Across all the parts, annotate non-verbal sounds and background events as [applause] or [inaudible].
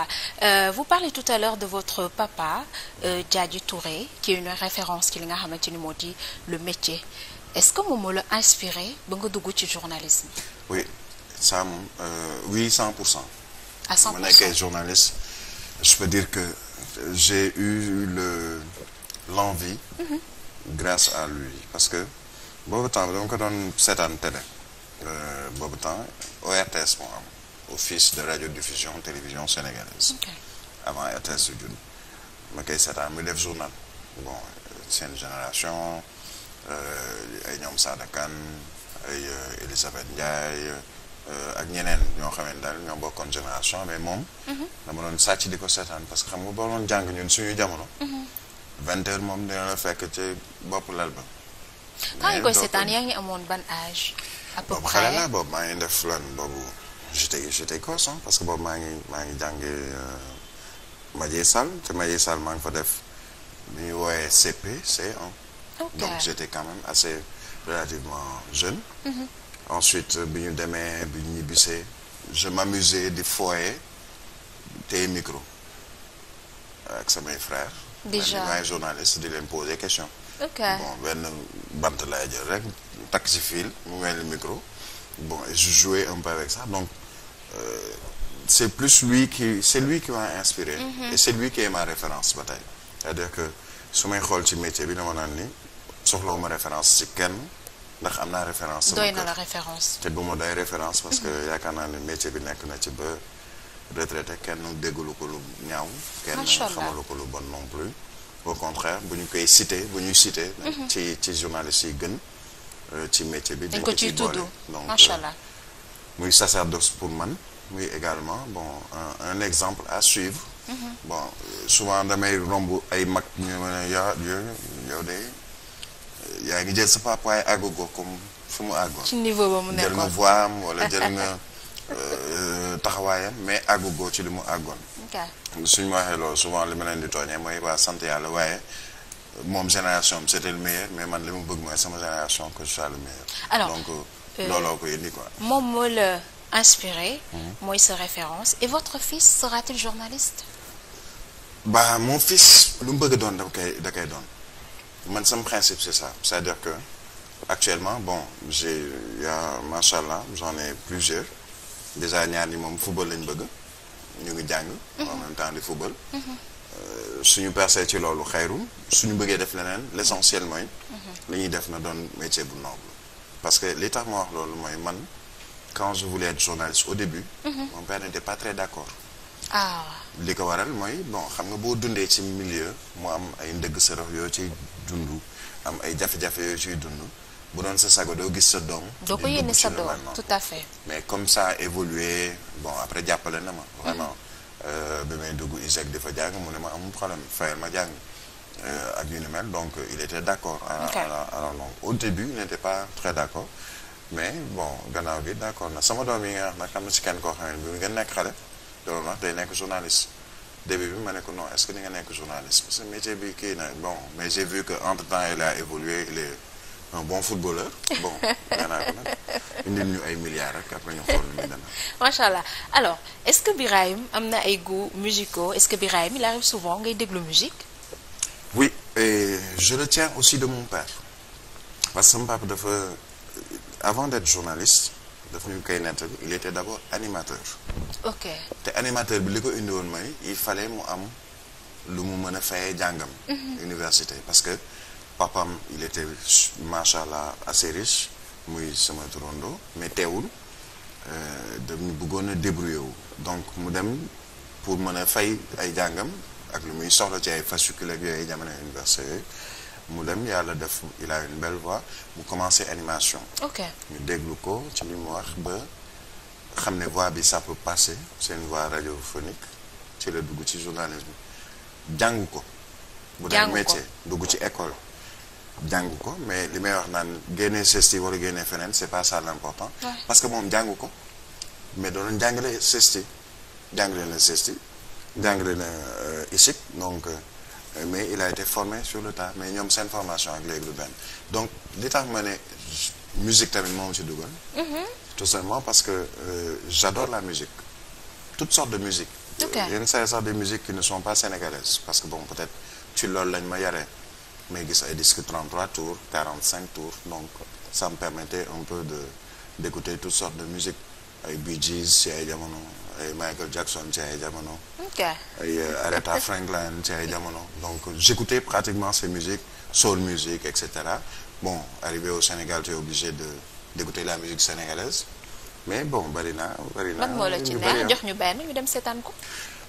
Voilà. Euh, vous parlez tout à l'heure de votre papa euh, Touré qui est une référence ci li nga xamante ni moo di le métier est-ce que moom moo la inspiré ba nga dugg ci journalisme. oui ça euh, oui pour cent. à 100 pour cent ma journaliste je peux dire que j'ai eu le l'envie mhm. grâce à lui parce que boobu temps dama ko doon seetaan euh, temps office de radiodiffusion télévision sénégalaise. Okay. avant RTS Sudjun ma koy seetaan muy def journal bon seen génération euh, ay ñoom Sada Kane ay euh, Elisabeth Ndiaye euh, ak ñeneen ñoo xam ne ñoo bokkoon génération mais moom. Mhm. dama doon sàcc di ko seetaan parce que xam nga boo doon jàng ñun suñu jamono. Mhm. vingt moom dina la fekk ci bopp lal ba. mais quand koy seetaan yaa ngi amoon ban âge. à peu près maa ngi def lan boobu. j'étais j'étais Corse ah parce que boobu maa ngi maa ngi jànge euh, Madié sal te Madié Sall maa ngi fa def lu ñuy wooyee CP c un donc j'étais quand même assez relativement jeune mm -hmm. ensuite bi ñu demee bi ñu ñibbisee je m'amusais di fooye tey micro ak samay frères déjà maay journaliste di leen poser question okay. bon benn bant laay jël rek takk ci fil mu mel ni micro bon et je jouais un peu avec ça donc Euh, c'est plus lui qui c'est lui qui m'a inspiré. Mm-hmm. et c'est lui qui est ma référence ba tey. cest à que su may xool ci métier bi dama naan ni soxlawuma référence ci kenn ndax am naa référence. doy te bu ma doy référence parce que mm-hmm. yaakaar naa ne métier bi nekk na ci ba retraité kenn déggulu ko lu ñaaw. kenn xamalu ko lu bon non plus. au contraire bu ñu koy cité bu ñuy cité. Mm-hmm. ci ci journaliste yi gën euh, ci métier bi. dañ ko ci tudd donc. muy sacerdoce pour man muy également bon un, un exemple à suivre mm -hmm. bon souvent damay romb ay mag ñu mën a yaa yow de yaa ngi jël sa papa ay àggogo comme fi mu àggoon ci niveau ba mu nekkoon jël nga voix am wala jël nga [laughs] euh, taxawaayam mais àggogo ci li mu àggoon suñu ma waxee loolu souvent li ma leen di tooñee mooy waa sant yàlla waaye moom génération c'était le meilleur mais man li mu bëgg mooy sama génération que je sois le meilleur alors donc euh, looloo ko indi quoi. moom moo la inspiré. Mhm. mooy sa référence et votre fils sera-t-il journaliste. ba mon fils lu mu bëgg doon da koy da koy doon man sama principe c'est ça cest à actuellement bon j'ai ya macha allah j'en ai plusieurs déjà ñaar ñi moom football lañ bëgg ñu ngi jàng. Mhm. en di football. Mhm. Euh, suñu persee ci loolu xayru suñu bëggee def leneen l'essentiel mooy. li def na doon métier bu noble. parce que li tax ma wax loolu mooy man quand je voulais être journaliste au début. Mm -hmm. mon père n'était pas très d'accord. Ah. li ko waral mooy bon xam nga boo dundee ci milieu mu am ay ndëgg sërëx yoo ci dund am ay jafe-jafe yoo ciy dund bu doon sa sago doo gis sa doom. doo ko yéene sa doom tout à fait. mais comme ça évolué bon après jàppale na ma. vraiment mhm. euh, bi may dugg ISEC dafa jàng mu ne ma amul problème fayal ma jàng. Euh, ak yu ni donc euh, il était d'accord à, okay. à, la, à la au début n'était pas très d'accord mais bon gannaaw bi d'accord na sama doom yi nga wax nag am na kenn koo xam ne bi nga nekk xale journaliste début bi ma ne ko non est-ce que ni nga nekk journaliste parce que métier bi kii na bon mais j'ai vu que entre temps a évolué footballeur bon [laughs] gannaaw ko nag indil ñu ay milliards rek après ñu xool nu muy dana [laughs] macha allah alors est-ce que Birahim am na ay goûts musicaux est-ce que Birahim il arrive souvent ngay déglu musique oui et je retiens aussi de mon père parce que sama papa dafa avant d'être journaliste dafa ñu koy nettali il était d'abord animateur. ok te animateur bi li ko indiwoon may il fallait mu am lu mu mën a fayee jàngam. Mhm. université parce que papam il était macha allah assez muy sama turando mais teewul euh, dañu bëggoon a débrouiller wu donc mu dem pour mën a fay ay jàngam. ak lu muy soxla ci ay fascicules yooyu yooyu jamono université yooyu mu dem yàlla def il a une belle voix mu commencé animation. ñu déglu ko ci li mu wax ba xam ne voix bi ça peut passer seen une voix radiophonique ci la dugg ci journalisme jàng ko. bu dee métier dugg ci école. jàng ko mais li may wax naan génnee sesti wala génnee feneen c'est pas ça l'important. parce que moom jàng ko mais doon jàngale CESTI jàng na CESTI. jàngale na euh, ISIP donc euh, mais il a été sur le tas mais ñoom seen formation ak léegi du benn donc li tax ma ne musique moom ci dugal mm-hmm. tout simplement parce que euh, la musique toutes sortes de musique euh, yenn saa sax des musiques qui ne sont pas sénégalaises parce que bon peut-être ci loolu lañ ma yaree mais gis ay disque 33 tours 45 tours donc ça me permettait un peu de d'écouter toutes sortes de musique ay Bee Gees ci ay jamono ay Michael Jackson ci ay jamono. ok ay euh, Aretha Franklin ci ay jamono donc j'écoutais pratiquement ces musiques soul music et cetera bon arrivé au Sénégal tu es obligé de d'écouter la musique sénégalaise mais bon bari naa bari naa. jox ñu benn ñu dem seetaan ko.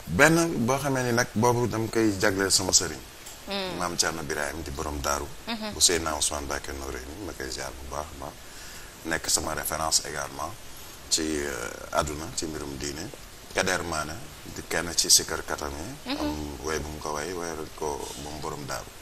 benn boo xamee ni nag boobu dama koy jagleel sama sëriñ. Hmm. maam Thierno Birahim di borom daaru mhm. bu Seydina Ousmane Mbacké Noreyni ma bu baax a nekk sama référence également. ci euh, àdduna ci mbirum diine Kader Mané di kenn ci sikarkatam yi mm-hmm. way bu mu ko way wayal ko moom borom daaru